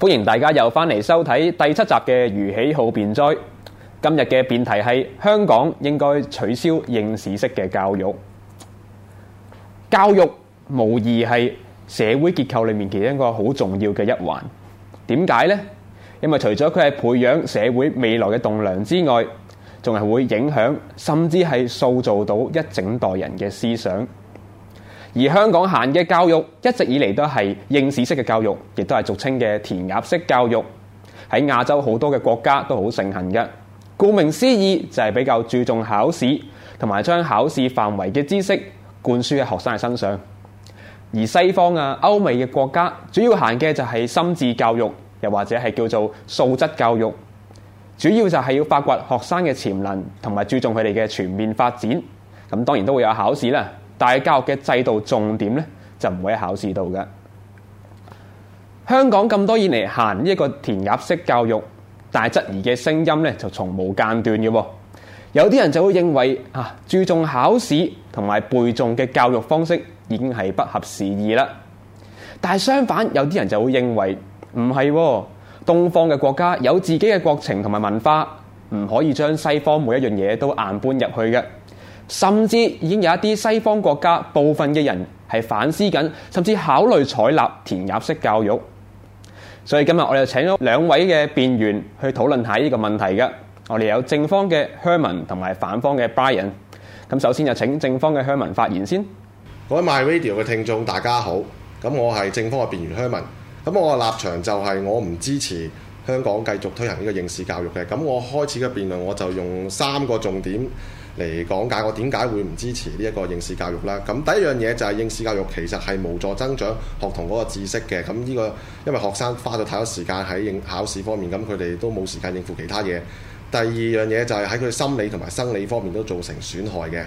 歡迎大家又翻嚟收睇第七集嘅《予豈好辯哉》。今日嘅辯題係香港應該取消應試式嘅教育。教育無疑係社會結構裏面其中一個好重要嘅一環。點解呢？因為除咗佢係培養社會未來嘅棟樑之外，仲係會影響甚至係塑造到一整代人嘅思想。而香港行嘅教育一直以嚟都係應試式嘅教育，亦都係俗稱嘅填鴨式教育。喺亞洲好多嘅國家都好盛行嘅。顧名思義就係比較注重考試，同埋將考試範圍嘅知識灌輸喺學生嘅身上。而西方啊，歐美嘅國家主要行嘅就係心智教育，又或者係叫做素質教育，主要就係要發掘學生嘅潛能，同埋注重佢哋嘅全面發展。咁當然都會有考試啦。但係教育嘅制度重點咧，就唔會喺考試度嘅。香港咁多年嚟行呢一個填鴨式教育，但係質疑嘅聲音咧就從無間斷嘅。有啲人就會認為啊，注重考試同埋背誦嘅教育方式已經係不合時宜啦。但係相反，有啲人就會認為唔係，啊，東方嘅國家有自己嘅國情同埋文化，唔可以將西方每一樣嘢都硬搬入去嘅。甚至已經有一啲西方國家部分嘅人係反思緊，甚至考慮採納填鴨式教育。所以今日我哋請咗兩位嘅辯員去討論下呢個問題嘅。我哋有正方嘅 Herman 同埋反方嘅 Brian。咁首先就請正方嘅 Herman 發言先。各位 My Radio 嘅聽眾大家好，咁我係正方嘅辯員 Herman。咁我嘅立場就係我唔支持香港繼續推行呢個應試教育嘅。咁我開始嘅辯論我就用三個重點。嚟講解我點解會唔支持呢一個應試教育啦。咁第一樣嘢就係應試教育其實係無助增長學童嗰個知識嘅。咁呢個因為學生花咗太多時間喺應考試方面，咁佢哋都冇時間應付其他嘢。第二樣嘢就係喺佢心理同埋生理方面都造成損害嘅。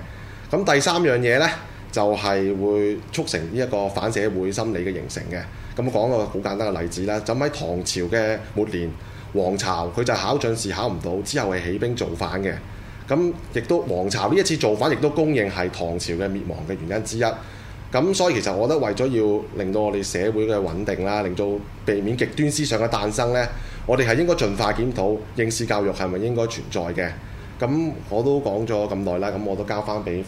咁第三樣嘢呢，就係會促成呢一個反社會心理嘅形成嘅。咁講個好簡單嘅例子啦，就喺唐朝嘅末年，黃巢佢就考進士考唔到，之後係起兵造反嘅。咁亦都黃巢呢一次造反亦都公認係唐朝嘅滅亡嘅原因之一。咁所以其實我覺得為咗要令到我哋社會嘅穩定啦，令到避免極端思想嘅誕生咧，我哋係應該盡快檢討應試教育係咪應該存在嘅。咁我都講咗咁耐啦，咁我都交翻俾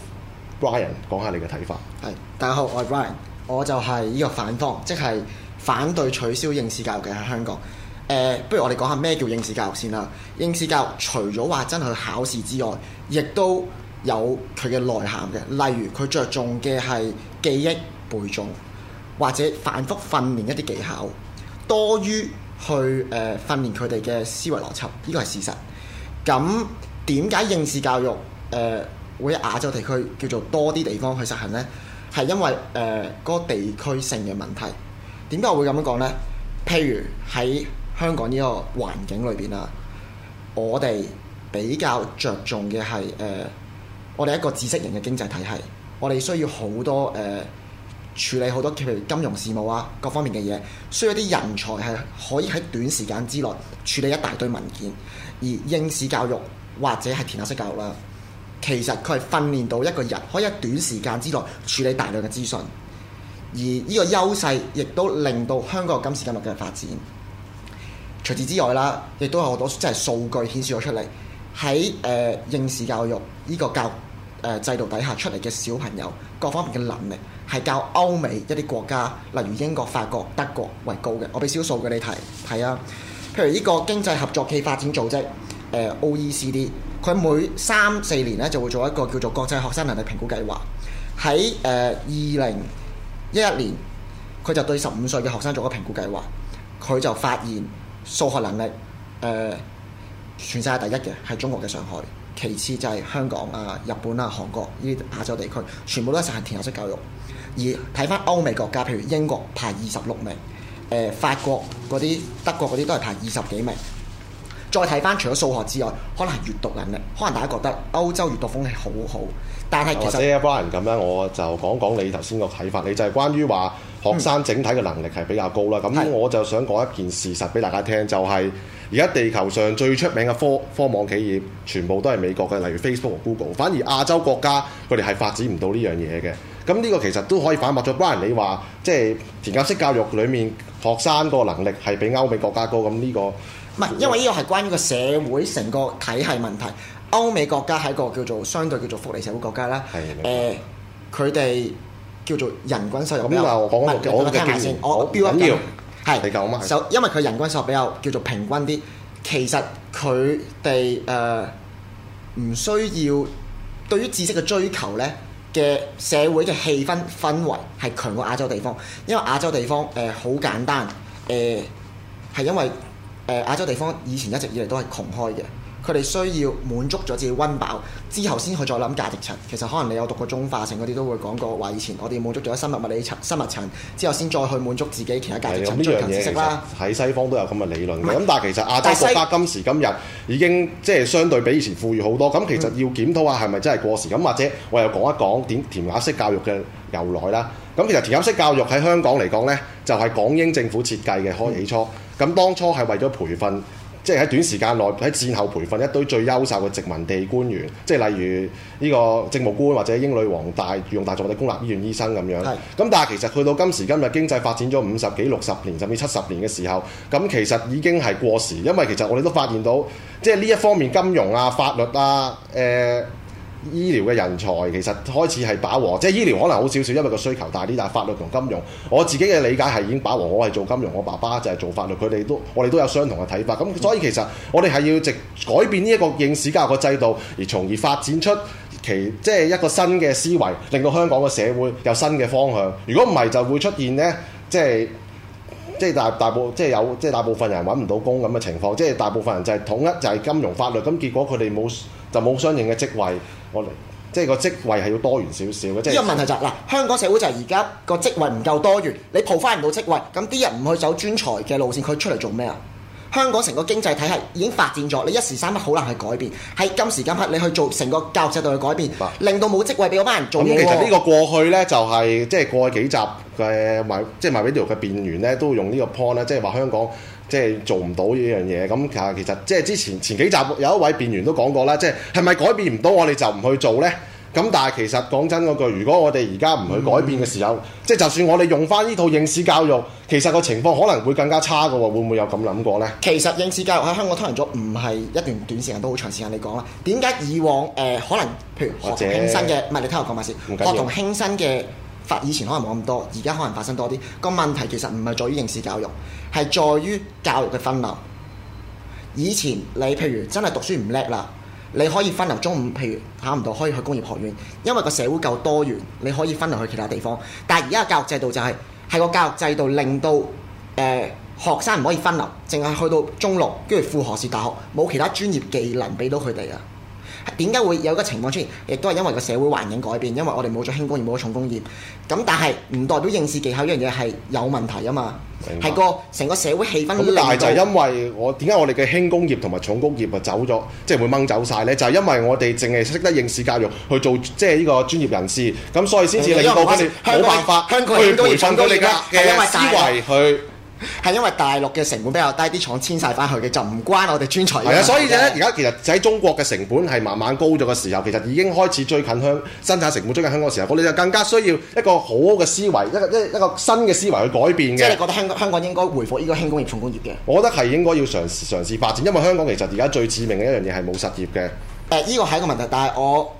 Brian 講下你嘅睇法。係，大家好，我係 Brian，我就係呢個反方，即係反對取消應試教育嘅喺香港。誒、呃，不如我哋講下咩叫應試教育先啦。應試教育除咗話真係去考試之外，亦都有佢嘅內涵嘅。例如佢着重嘅係記憶背誦，或者反覆訓練一啲技巧，多於去誒、呃、訓練佢哋嘅思維邏輯，呢個係事實。咁點解應試教育誒、呃、會喺亞洲地區叫做多啲地方去實行呢？係因為誒嗰、呃嗰個地區性嘅問題。點解我會咁樣講呢？譬如喺香港呢個環境裏邊啦，我哋比較着重嘅係誒，我哋一個知識型嘅經濟體系。我哋需要好多誒、呃、處理好多譬如金融事務啊，各方面嘅嘢，需要啲人才係可以喺短時間之內處理一大堆文件。而應試教育或者係填鴨式教育啦，其實佢係訓練到一個人可以喺短時間之內處理大量嘅資訊。而呢個優勢亦都令到香港今時今日嘅發展。除此之外啦，亦都有好多即係數據顯示咗出嚟。喺誒應試教育呢、這個教誒、呃、制度底下出嚟嘅小朋友各方面嘅能力係較歐美一啲國家，例如英國、法國、德國為高嘅。我俾少數嘅你睇睇啊，譬如呢個經濟合作暨發展組織、呃、OECD，佢每三四年咧就會做一個叫做國際學生能力評估計劃。喺誒二零一一年，佢就對十五歲嘅學生做個評估計劃，佢就發現。數學能力，誒、呃，全世界第一嘅，係中國嘅上海，其次就係香港啊、日本啊、韓國呢啲亞洲地區，全部都係實行填鴨式教育。而睇翻歐美國家，譬如英國排二十六名、呃，法國嗰啲、德國嗰啲都係排二十幾名。再睇翻除咗數學之外，可能係閱讀能力。可能大家覺得歐洲閱讀風氣好好，但係其實…… Brian 咁樣，我就講講你頭先個睇法。你就係關於話學生整體嘅能力係比較高啦。咁、嗯、我就想講一件事實俾大家聽，就係而家地球上最出名嘅科科網企業，全部都係美國嘅，例如 Facebook Google。反而亞洲國家佢哋係發展唔到呢樣嘢嘅。咁呢個其實都可以反駁咗。嗯、Brian 你。你話即係填鴨式教育裏面學生個能力係比歐美國家高，咁呢、這個。唔係，因為呢個係關於個社會成個體系問題。歐美國家係一個叫做相對叫做福利社會國家啦。係的。誒、呃，佢哋叫做人均收入比較。咁話我講我嘅假設，我標一標。係。因為佢人均收入比較叫做平均啲，其實佢哋誒唔需要對於知識嘅追求咧嘅社會嘅氣氛氛圍係強過亞洲地方，因為亞洲地方誒好、呃、簡單誒係、呃、因為。誒亞洲地方以前一直以嚟都係窮開嘅，佢哋需要滿足咗自己溫飽之後，先去再諗價值層。其實可能你有讀過中化層嗰啲都會講過，話以前我哋滿足咗生物物理層、生物層之後，先再去滿足自己其他價值層追求知識啦。喺西方都有咁嘅理論嘅，咁是但係其實亞洲國家今時今日已經即係相對比以前富裕好多。咁其實要檢討下係咪真係過時？咁、嗯、或者我又講一講點填鴨式教育嘅由來啦。咁其實填鴨式教育喺香港嚟講呢，就係港英政府設計嘅開起初。嗯咁當初係為咗培訓，即係喺短時間內喺戰後培訓一堆最優秀嘅殖民地官員，即係例如呢個政務官或者英女皇御用大律師或者公立醫院醫生咁樣。咁是但係其實去到今時今日經濟發展咗五十幾六十年甚至七十年嘅時候，咁其實已經係過時，因為其實我哋都發現到，即係呢一方面金融啊，法律啊誒。呃醫療嘅人才其實開始係飽和，即係醫療可能好少少，因為個需求大啲，但係法律同金融，我自己嘅理解係已經飽和。我係做金融，我爸爸就係做法律，佢哋都我哋都有相同嘅睇法。咁所以其實我哋係要直改變呢一個應試教育嘅制度，而從而發展出其即係一個新嘅思維，令到香港嘅社會有新嘅方向。如果唔係，就會出現呢，即係即係大大部即係有即係大部分人揾唔到工咁嘅情況，即係大部分人就係統一就係金融法律，咁結果佢哋冇。就冇相應嘅職位，我哋即係個職位係要多元少少嘅。呢個問題就係、是、嗱，香港社會就係而家個職位唔夠多元，你 provide 唔到職位，咁啲人唔去走專才嘅路線，佢出嚟做咩啊？香港成個經濟體系已經發展咗，你一時三刻好難去改變。喺今時今刻，你去做成個教育制度去改變，令到冇職位俾嗰班人做。其實呢個過去呢，就係、是、即係過去幾集嘅即係賣俾啲嘅辯緣呢，都用呢個 point，即係話香港。即係做唔到呢樣嘢，咁啊其實即係之前前幾集有一位辯員都講過啦，即係係咪改變唔到我哋就唔去做呢？咁但係其實講真嗰句，如果我哋而家唔去改變嘅時候，嗯、即係就算我哋用翻呢套應試教育，其實個情況可能會更加差嘅喎，會唔會有咁諗過呢？其實應試教育喺香港推行咗唔係一段短時間，都好長時間你講啦。點解以往誒可能譬如學童輕生嘅，唔係你聽我講埋先，學童輕生嘅。法以前可能冇咁多，而家可能發生多啲。個問題其實唔係在於應試教育，係在於教育嘅分流。以前你譬如真係讀書唔叻啦，你可以分流中五，譬如考唔到可以去工業學院，因為個社會夠多元，你可以分流去其他地方。但係而家嘅教育制度就係喺個教育制度令到誒、呃、學生唔可以分流，淨係去到中六跟住副學士大學，冇其他專業技能俾到佢哋啊。點解會有個情況出現？亦都係因為個社會環境改變，因為我哋冇咗輕工業，冇咗重工業。咁但係唔代表應試技巧呢樣嘢係有問題啊嘛，係明白，個成個社會氣氛都。咁但係就係因為我點解我哋嘅輕工業同埋重工業啊走咗，即係會掹走晒咧？就係、係、因為我哋淨係識得應試教育去做，即係呢個專業人士，咁所以先至令到佢哋冇辦法去培訓到你嘅思維去。係因為大陸嘅成本比較低，啲廠遷晒翻去嘅就唔關我哋專才。係啊，所以咧，而家其實喺中國嘅成本係慢慢高咗嘅時候，其實已經開始追近香港生產成本追近香港嘅時候，我哋就更加需要一個好嘅思維，一個一一個新嘅思維去改變嘅。即係你覺得香香港應該回復呢個輕工業重工業嘅？我覺得係應該要嘗嘗試發展，因為香港其實而家最致命嘅一樣嘢係冇實業嘅。誒、呃，依、呢個係一個問題，但係我。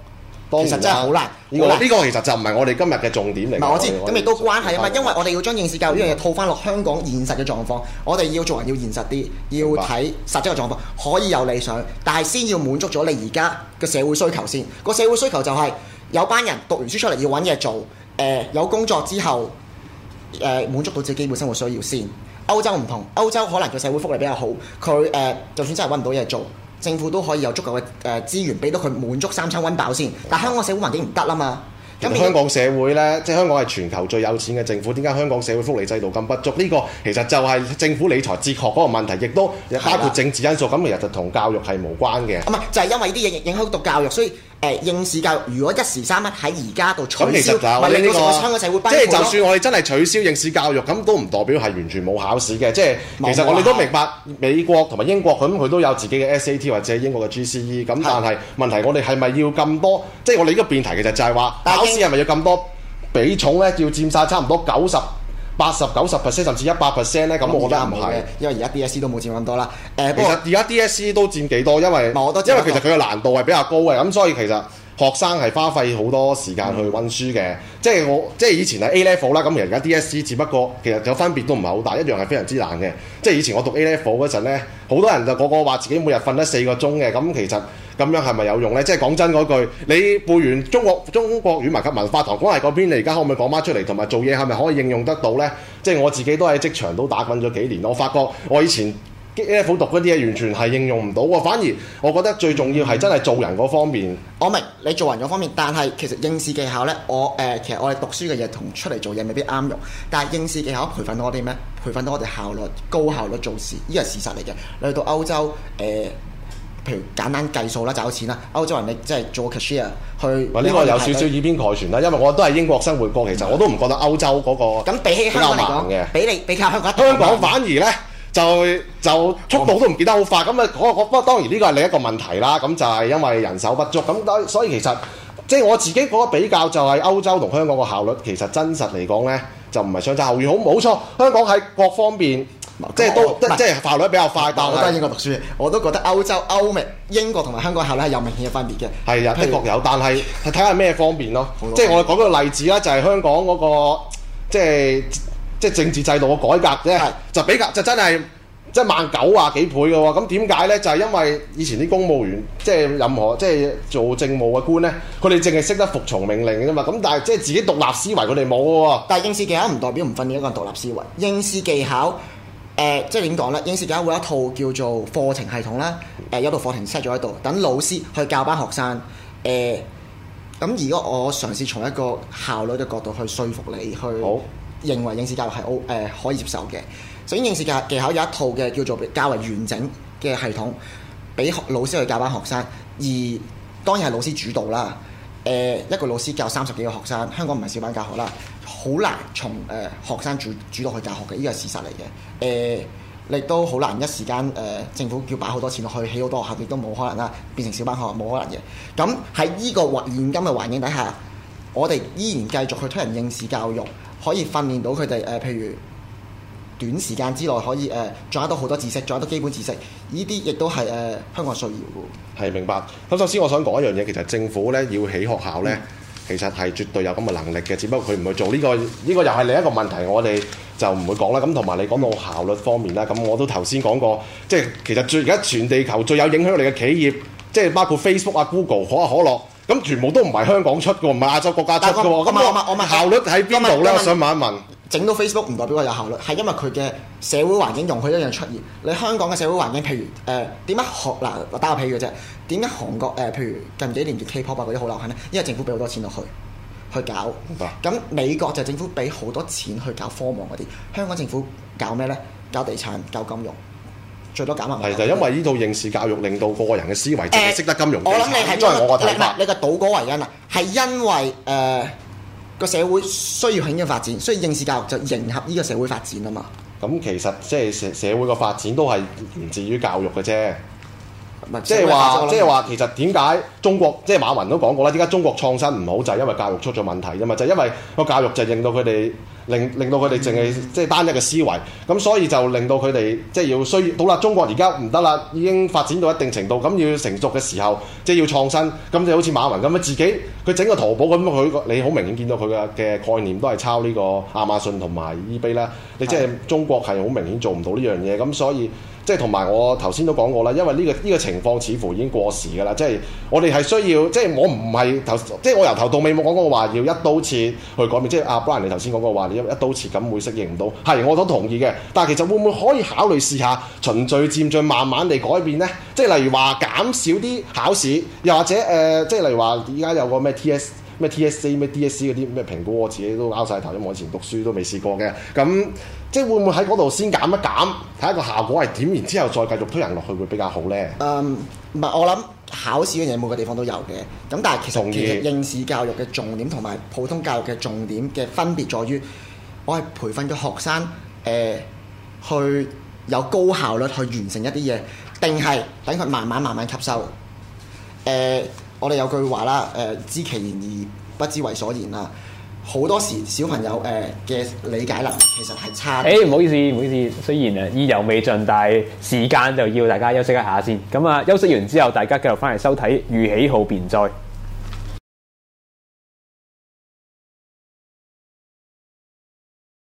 其實真係好難，呢個其實就唔係我哋今日嘅重點嚟。唔係我知，咁亦都關係啊嘛，對因為我哋要將應試教育呢樣嘢套翻落香港現實嘅狀況，嗯、我哋要做人要現實啲，要睇實質嘅狀況。白可以有理想，但係先要滿足咗你而家嘅社會需求先。個社會需求就係、是、有班人讀完書出嚟要揾嘢做，誒、呃、有工作之後，誒、呃、滿足到自己基本生活需要先。歐洲唔同，歐洲可能個社會福利比較好，佢誒、呃、就算真係揾唔到嘢做。政府都可以有足夠嘅誒資源，俾到佢滿足三餐溫飽先。但香港社會環境唔得啦嘛。咁香港社會呢，即係香港係全球最有錢嘅政府，點解香港社會福利制度咁不足？呢、這個其實就係政府理財哲學嗰個問題，亦都包括政治因素。咁其實就同教育係無關嘅。唔係，就係、是、因為呢啲嘢影響到教育，所以。誒、欸、應試教育，如果一時三刻喺而家度取消，嗯、其實就唔係你你個社、啊、會即係就算我哋真係取消應試教育，咁都唔代表係完全冇考試嘅。即係其實我哋都明白美國同埋英國佢咁，佢都有自己嘅 SAT 或者英國嘅 GCE 咁但係的問題我哋係咪要咁多？即係我哋呢個辯題其實就係話英考試係咪要咁多比重咧？要佔晒差唔多九十，八十九十 percent 甚至一百 percent 咧，咁我覺得唔係，因為而家 DSE 都冇佔咁多啦。誒、呃，其實而家 DSE 都佔幾多？因為，因為其實佢嘅難度係比較高嘅，咁所以其實。學生係花費好多時間去温書嘅、嗯，即係我即係以前係 A level 啦，咁而家 DSE 只不過其實有分別都唔係好大，一樣係非常之難嘅。即係以前我讀 A level 嗰陣咧，好多人就個個話自己每日瞓得四個鐘嘅，咁其實咁樣係咪有用咧？即係講真嗰句，你背完中國中國語文及文化堂講係嗰邊，你而家可唔可以講翻出嚟？同埋做嘢係咪可以應用得到咧？即係我自己都喺職場度打滾咗幾年，我發覺我以前。F 讀啲嘢完全係應用唔到喎，反而我覺得最重要係真係做人嗰方面。嗯、我明你做人嗰方面，但係其實應試技巧呢，我誒、呃、其實我哋讀書嘅嘢同出嚟做嘢未必啱用。但係應試技巧培訓到我哋咩？培訓到我哋效率高效率做事，呢個係事實嚟嘅。你去到歐洲、呃、譬如簡單計數啦、找錢啦，歐洲人你即係做 cashier 去。呢個有少少以偏概全啦，因為我都係英國生活過，嗯、其實我都唔覺得歐洲嗰個咁比,、嗯、比起香港嚟講，比你比較香港，香港反而呢。就就速度都唔見得好快，咁啊，我我不當然呢個係另一個問題啦。咁就係因為人手不足，咁所以其實即係我自己覺得比較就係歐洲同香港個效率，其實真實嚟講呢，就唔係相差好遠。好，冇錯，香港喺各方面，即係都即係效率比較快。但我喺英國讀書，我都覺得歐洲、歐美、英國同埋香港效率係有明顯嘅分別嘅。係啊，的確有，但係睇下咩方面咯。即係我講個例子啦，就係香港嗰個即係。即係政治制度嘅改革，即係是的 就比較就真係即係萬九啊幾倍嘅喎。咁點解咧？就係、是、因為以前啲公務員即係任何即係做政務嘅官咧，佢哋淨係識得服從命令嘅啫嘛。咁但係即係自己獨立思維、啊，佢哋冇嘅喎。但係應試技巧唔代表唔訓練一個人獨立思維。應試技巧誒、呃，即係點講咧？應試技巧會有一套叫做課程系統啦。誒、呃，有套課程 set 咗喺度，等老師去教班學生。誒、呃，咁如果我嘗試從一個效率嘅角度去說服你，去好。認為應試教育係好，誒可以接受嘅，所以應試教技巧有一套嘅叫做較為完整嘅系統，俾老師去教班學生。而當然係老師主導啦。誒，一個老師教三十幾個學生，香港唔係小班教學啦，好難從誒學生主主導去教學嘅，呢個係事實嚟嘅。誒，你都好難一時間誒政府叫擺好多錢落去起好多學校，亦都冇可能啦，變成小班學冇可能嘅。咁喺呢個現今嘅環境底下，我哋依然繼續去推行應試教育。可以訓練到佢哋誒，譬如短時間之內可以誒，掌握到好多知識，掌握到基本知識。呢啲亦都係誒香港需要嘅。係明白。咁首先我想講一樣嘢，其實政府咧要起學校咧，其實係絕對有咁嘅能力嘅，只不過佢唔去做呢個，呢個又係另一個問題，我哋就唔會講啦。咁同埋你講到效率方面啦，咁我都頭先講過，即係其實最而家全地球最有影響力嘅企業，即係包括 Facebook 啊、Google、可口可樂。咁全部都唔係香港出嘅，唔係亞洲國家出嘅喎。咁我，我問我問效率喺邊度咧？我想問一問。整到 Facebook 唔代表我有效率，係因為佢嘅社會環境容許一樣出現。你香港嘅社會環境，譬如誒點解學嗱打個譬如嘅啫？點解韓國誒、呃、譬如近幾年嘅 K-pop 嗰啲好流行咧？因為政府俾好多錢落去去搞。咁美國就政府俾好多錢去搞科網嗰啲，香港政府搞咩咧？搞地產，搞金融。最多減壓係就因為呢套應試教育令到個人嘅思維淨係識得金融，欸、我諗你係因為我個睇法，你個倒果為因啊，係因為誒個、呃、社會需要喺緊發展，所以應試教育就迎合呢個社會發展啊嘛。咁、嗯、其實即係社社會個發展都係唔至於教育嘅啫。即係話即係話，其實點解中國即係馬雲都講過啦，依、就、點解、是、中國創新唔好就係、是、因為教育出咗問題啫嘛，就係、因為個教育就令到佢哋。令令到佢哋淨係即係單一嘅思維，咁所以就令到佢哋即係要需要。好啦，中國而家唔得啦，已經發展到一定程度，咁要成熟嘅時候，即係要創新。咁就好似馬雲咁樣，自己佢整個淘寶咁啊，佢你好明顯見到佢嘅嘅概念都係抄呢個亞馬遜同埋 eBay 啦。你即係是的 中國係好明顯做唔到呢樣嘢，咁所以即係同埋我頭先都講過啦，因為呢個呢個情況似乎已經過時噶啦，即係我哋係需要，即係我唔係頭，即係我由頭到尾冇講過話要一刀切去改變。即係阿 Brian 你頭先講嗰個話。一刀切咁會適應唔到，係我都同意嘅。但係其實會唔會可以考慮試下循序漸進，慢慢地改變呢？即係例如話減少啲考試，又或者誒、呃，即係例如話依家有個咩 T S 咩 T S C 咩 D S C 啲咩評估，我自己都拗晒頭，因為我以前讀書都未試過嘅。咁、嗯、即係會唔會喺嗰度先減一減，睇一個效果係點，然之後再繼續推行落去會比較好呢？嗯，唔係我諗。考試嘅嘢每個地方都有嘅，咁但係其實同意其實應試教育嘅重點同埋普通教育嘅重點嘅分別在於，我係培訓啲學生誒、呃、去有高效率去完成一啲嘢，定係等佢慢慢慢慢吸收。誒、呃，我哋有句話啦，誒、呃，知其然而不知為所言啊。好多時小朋友誒嘅、呃、理解能力其實係差。誒唔、欸、好意思，唔好意思，雖然誒意猶未盡，但係時間就要大家休息一下先。咁啊，休息完之後，大家繼續翻嚟收睇《予豈好辯哉》。